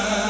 la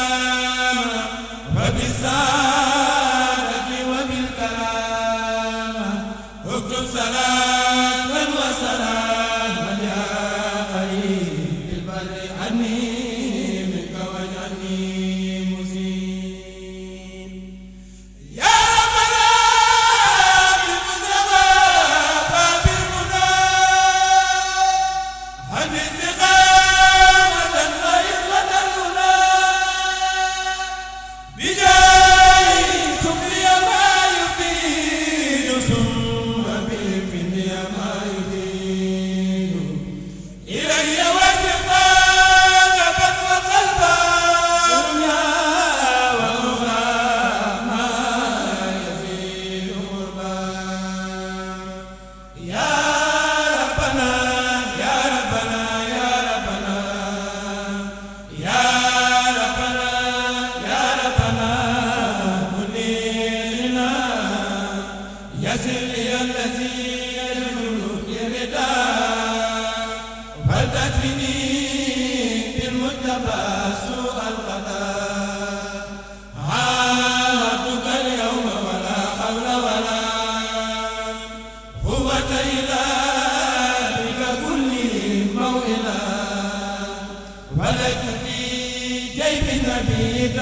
موئلا ولك في جيب النبي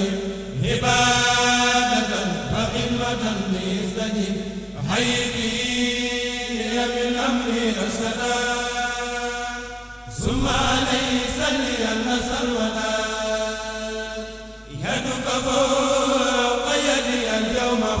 اليوم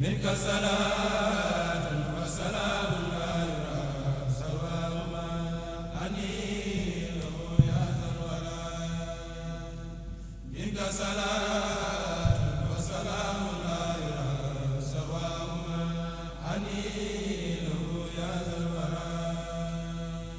minka salaam